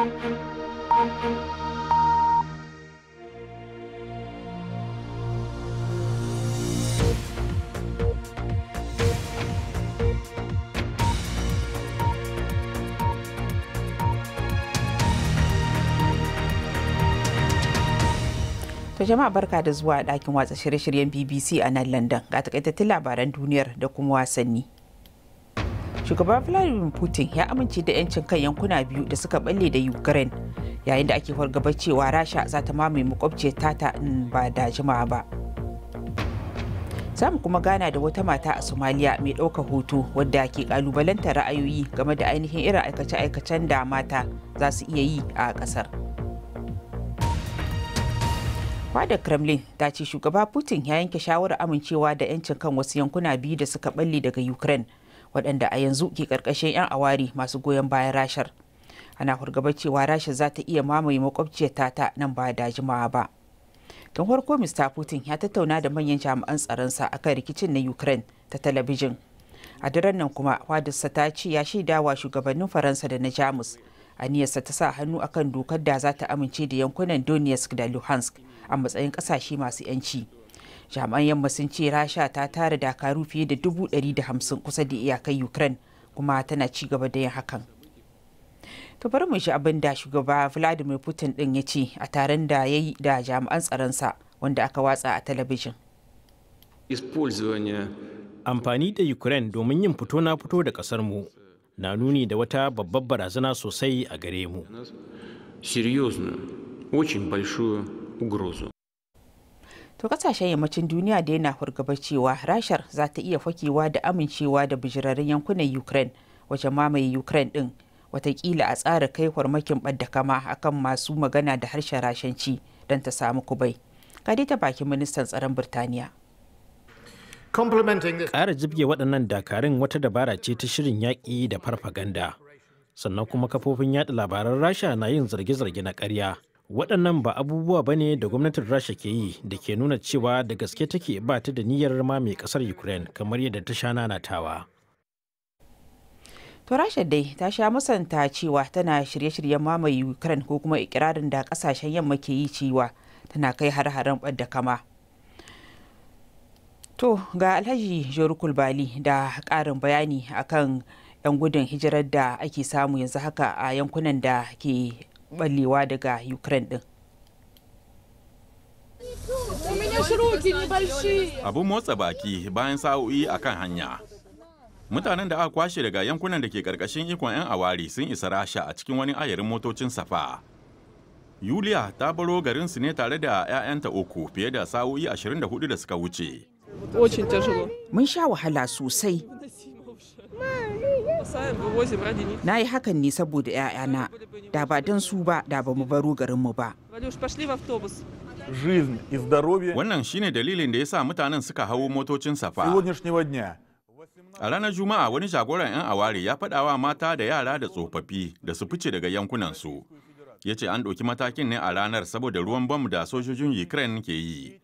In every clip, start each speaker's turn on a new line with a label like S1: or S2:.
S1: To jama'a barka da zuwa ɗakin watsa shirye-shiryen BBC a nan London ga takaitattun labaran duniyar da kuma wasanni. shugaban vladimir putin ya amince da 'yancin kan yankuna biyu da suka balle da ukraine yayin da ake fargabar cewa rasha za ta mamaye makwabce tata in ba da jimawa ba samu kuma gana da wata mata a somaliya mai ɗaukar hoto wadda ke kalubalanta ra'ayoyi game da ainihin irin aikace-aikacen da mata za su iya yi a ƙasar fadar kremlin ta ce shugaba putin ya yanke shawarar amincewa da 'yancin kan wasu yankuna biyu da suka balle daga ukraine waɗanda a yanzu ke ƙarƙashin 'yan awari masu goyon bayan rashar ana hurgaba cewa rasha za ta iya mamaye makwabciyarta ta nan ba da jimawa ba tun farko mr putin ya tattauna da manyan jami'an tsaronsa akan rikicin na ukraine ta talabijin a daren nan kuma fadarsa ta ce ya shaida wa shugabannin faransa da na jamus aniyarsa ta sa hannu akan dokar da za ta amince da yankunan donetsk da luhansk a matsayin kasashe masu 'yanci. jami'an yamma sun ce rasha ta tara dakaru fiye da dubu ɗari da hamsin kusa da iyakar ukraine kuma tana ci gaba da yin hakan to bari mu shi abin da shugaba vladimir putin din ya ce a taron da ya yi da jami'an tsaronsa wanda aka watsa a talabijin
S2: amfani da ukraine domin yin fito na fito da kasar mu na nuni da wata babbar barazana sosai a gare mu.
S1: to kasashen yammacin duniya da yana fargaba cewa rashar za ta iya fakewa da amincewa da bijirarin yankunan ukraine wace mamaye ukraine din watakila a tsara kai farmakin kama akan masu magana da harshen rashanci don ta samu kubai kadi ta bakin ministan tsaron birtaniya
S2: ƙara jibge waɗannan dakarun wata dabara ce ta shirin yaƙi da farfaganda sannan kuma kafofin yaɗa labaran rasha na yin zarge-zarge na ƙarya waɗannan ba abubuwa ba ne da gwamnatin rasha ke yi da ke nuna cewa da gaske take ba ta da niyyar mai kasar ukraine kamar yadda ta sha nanatawa
S1: to rasha dai ta sha musanta cewa tana shirye-shiryen mamaye ukraine ko kuma ikirarin da kasashen yamma ke yi cewa tana kai har-haren ɓadda kama to ga alhaji jori kulbali da ƙarin bayani akan 'yan gudun hijirar da ake samu yanzu haka a yankunan da ke ballewa daga ukraine
S2: din
S3: abun motsa baki bayan sa'o'i a kan hanya mutanen da aka kwashe daga yankunan da ke karkashin ikon 'yan awari sun isa rasha a cikin wani ayarin motocin safa yuliya ta baro garinsu ne tare da 'ya'yanta uku fiye da sa'o'i 24 da suka wuce
S1: mun sha wahala sosai Na yi hakan ne saboda 'ya'yana, da ba don su ba da ba mu baro garinmu ba.
S3: Wannan shi ne dalilin da ya sa mutanen suka hawo motocin safa. A ranar Juma'a wani jagoran 'yan aware ya faɗawa mata da yara da tsofaffi da su fice daga yankunansu. Ya ce an ɗauki matakin ne a ranar saboda ruwan bam da sojojin Ukraine ke yi.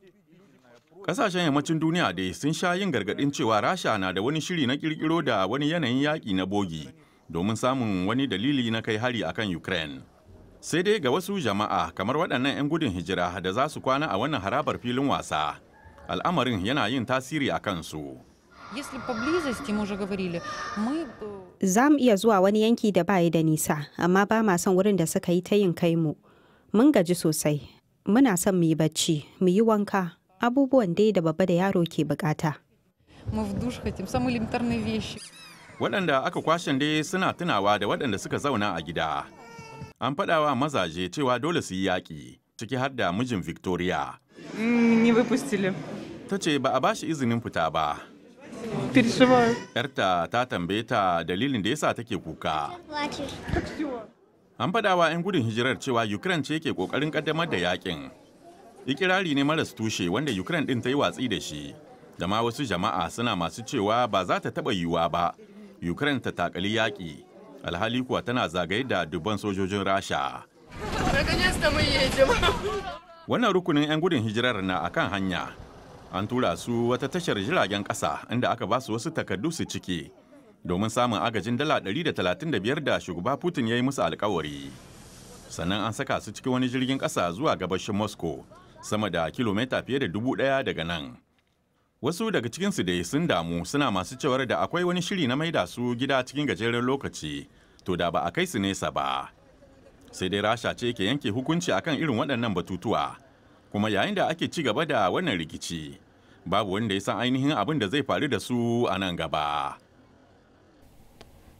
S3: Ƙasashen yammacin duniya dai sun sha yin gargaɗin cewa Rasha na da wani shiri na kirkiro da wani yanayin yaƙi na bogi domin samun wani dalili na kai hari akan Ukraine. Sai dai ga wasu jama'a kamar waɗannan 'yan gudun hijira da za su kwana a wannan harabar filin wasa, al'amarin yana yin tasiri a kansu.
S4: Э, za mu iya zuwa wani yanki da bayi da nisa, amma ba ma son wurin da suka yi ta yin kai mu. Mun gaji sosai, muna son mu yi bacci, mu yi wanka, abubuwan dai da babba da yaro ke bukata.
S3: Waɗanda aka kwashen dai suna tunawa da waɗanda suka zauna a gida. An faɗawa mazaje cewa dole su yi yaƙi, ciki har da mijin Victoria. Mm, ta ce ba a ba shi izinin fita ba. Yarta ta tambaye ta dalilin da yasa take kuka. An faɗawa 'yan gudun hijirar cewa Ukraine ce ke ƙoƙarin ƙaddamar da yaƙin. ikirari ne maras tushe wanda ukraine din ta yi watsi da shi da ma wasu jama'a suna masu cewa ba za ta taɓa yiwuwa ba ukraine ta takali yaƙi alhali kuwa tana zagaye da dubban sojojin rasha wannan rukunin 'yan gudun hijirar na akan hanya an tura su wata tashar jiragen ƙasa inda aka ba su wasu takardu su ciki domin samun agajin dala 135 da shugaba putin ya yi musu alkawari sannan an saka su cikin wani jirgin ƙasa zuwa gabashin moscow sama da kilomita fiye da dubu ɗaya daga nan. Wasu daga cikinsu dai sun damu suna masu cewar da akwai wani shiri na maida su gida cikin gajeren lokaci, to da ba a kai su nesa ba. Sai dai Rasha ce ke yanke hukunci akan irin waɗannan batutuwa, kuma yayin da ake ci gaba da wannan rikici, babu wanda ya san ainihin abin da zai faru da su a nan gaba.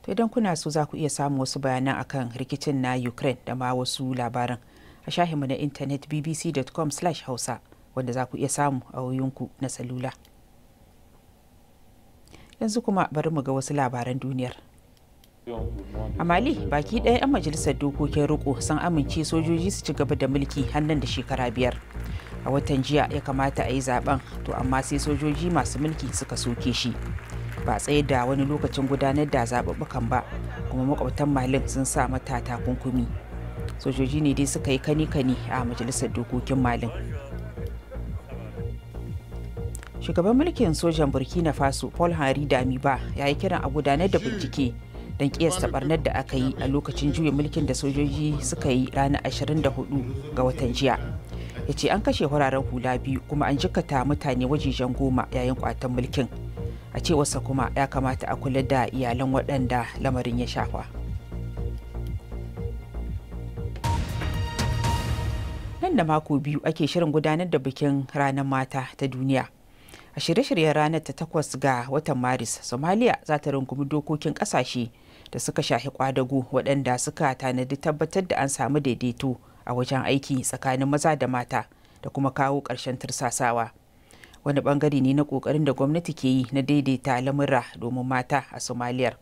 S1: To idan kuna so za ku iya samun wasu bayanan akan rikicin na Ukraine da ma wasu labaran. a shahinmu na intanet bbc.com hausa wanda za ku iya samu a wayoyinku na salula yanzu kuma bari mu ga wasu labaran duniyar a mali baki ɗaya 'yan majalisar dokokin riko sun amince sojoji su ci gaba da mulki hannun da shekara biyar a watan jiya ya kamata a yi zaben to amma sai sojoji masu mulki suka soke shi ba tsaye da wani lokacin gudanar da zaɓuɓɓukan ba kuma makwabtan malin sun sa mata takunkumi sojoji ne dai suka yi kani-kani a majalisar dokokin malin shugaban mulkin sojan burkina faso paul hari damiba ya yi kiran a gudanar da bincike don kiyasta barnar da aka yi a lokacin juya mulkin da sojoji suka yi ranar 24 ga watan jiya ya ce an kashe wuraren hula biyu kuma an jikata mutane wajejen goma yayin kwatan mulkin a cewarsa kuma ya kamata a kula da iyalan waɗanda lamarin ya shafa. nan da mako biyu ake shirin gudanar da bikin ranar mata ta duniya a shirye-shiryen ranar ta takwas ga watan maris somalia za ta rungumi dokokin kasashe da suka shahi kwadago waɗanda suka tanadi tabbatar da an samu daidaito a wajen aiki tsakanin maza da mata da kuma kawo ƙarshen tursasawa wani bangare ne na ƙoƙarin da gwamnati ke yi na daidaita lamurra domin mata a somaliyar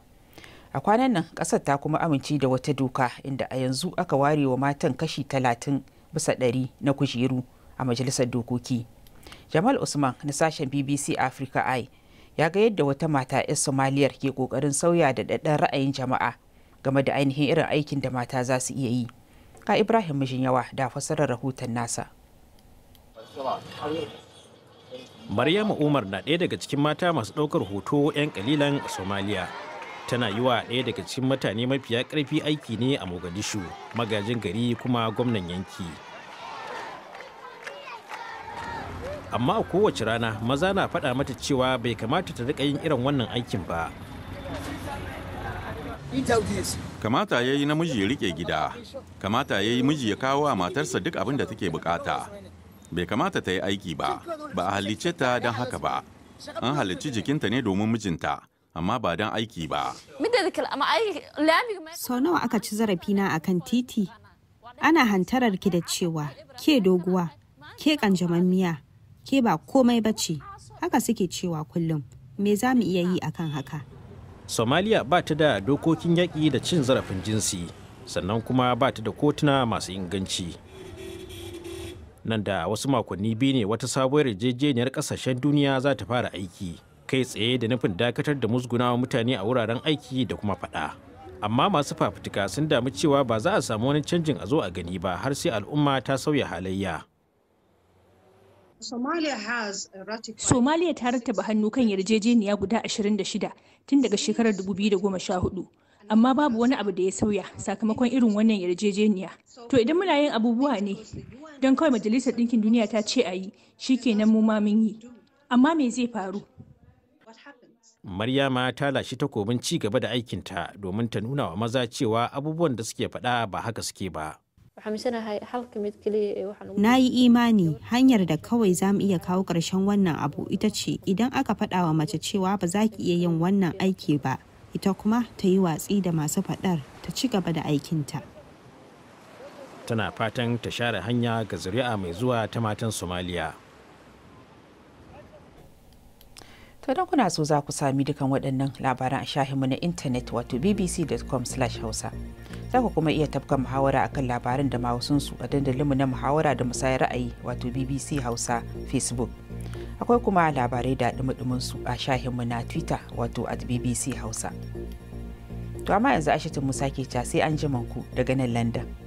S1: a kwanan nan ƙasar ta kuma amince da wata doka inda a yanzu aka ware wa matan kashi talatin bisa ɗari na kujeru a majalisar dokoki jamal usman na sashen bbc africa eye ya ga yadda wata mata 'yar somaliyar ke kokarin sauya da ɗaɗɗan ra'ayin jama'a game da ainihin irin aikin da mata za su iya yi ka ibrahim mijinyawa da fasarar rahoton nasa
S2: maryama umar na ɗaya daga cikin mata masu ɗaukar hoto 'yan ƙalilan somaliya tana yi wa ɗaya daga cikin mutane mafiya ƙarfi aiki ne a mogadishu magajin gari kuma gwamnan yanki amma a kowace rana maza na faɗa mata cewa bai kamata ta riƙa yin irin wannan aikin ba
S3: kamata ya yi namiji ya riƙe gida kamata ya yi miji ya kawo a matarsa duk abin da take bukata bai kamata ta yi aiki ba ba a halicce ta don haka ba an halicci jikinta ne domin mijinta amma ba don aiki ba.
S4: Sau nawa aka ci zarafina a kan titi? Ana hantarar ki da cewa ke doguwa, ke miya ke ba komai ba ce, haka suke cewa kullum. Me za mu iya yi akan haka?
S2: Somalia ba ta da dokokin yaƙi da cin zarafin jinsi, sannan kuma ba ta da kotuna masu inganci. Nan da wasu makonni biyu ne wata sabuwar yarjejeniyar ƙasashen duniya za ta fara aiki. kai tsaye da nufin dakatar da musgunawa mutane a wuraren aiki da kuma faɗa. Amma masu fafutuka sun damu cewa ba za a samu wani canjin a zo a gani ba har sai al'umma ta sauya halayya.
S1: somalia ta rattaba hannu kan yarjejeniya guda 26 tun daga shekarar 2014. Amma babu wani abu da ya sauya sakamakon irin wannan yarjejeniya. To idan muna yin abubuwa ne, don kawai Majalisar Ɗinkin Duniya ta ce a yi, shi kenan mu ma mun yi. Amma me zai faru?
S2: Maryama ta lashe takobin ci gaba da aikinta domin ta nuna wa maza cewa abubuwan da suke faɗa ba haka suke ba.
S4: Eh, Na yi imani hanyar da kawai za mu iya kawo ƙarshen wannan abu ita ce idan aka faɗa wa mace cewa ba za ki iya yin wannan aiki ba, ita kuma ta yi watsi da masu faɗar ta ci gaba da aikinta.
S2: Tana fatan ta share hanya ga zuri'a mai zuwa ta matan Somaliya.
S1: To don kuna so za ku sami dukan waɗannan labaran a shahinmu na intanet wato bbc.com/hausa. Za ku kuma iya tafka muhawara a kan labaran da su a dandalinmu na muhawara da musayar ra'ayi wato BBC Hausa Facebook. Akwai kuma labarai da ɗumi su a shahinmu na Twitter wato at BBC Hausa. To amma yanzu Ashatu Musa ke ta sai an ku daga nan landan.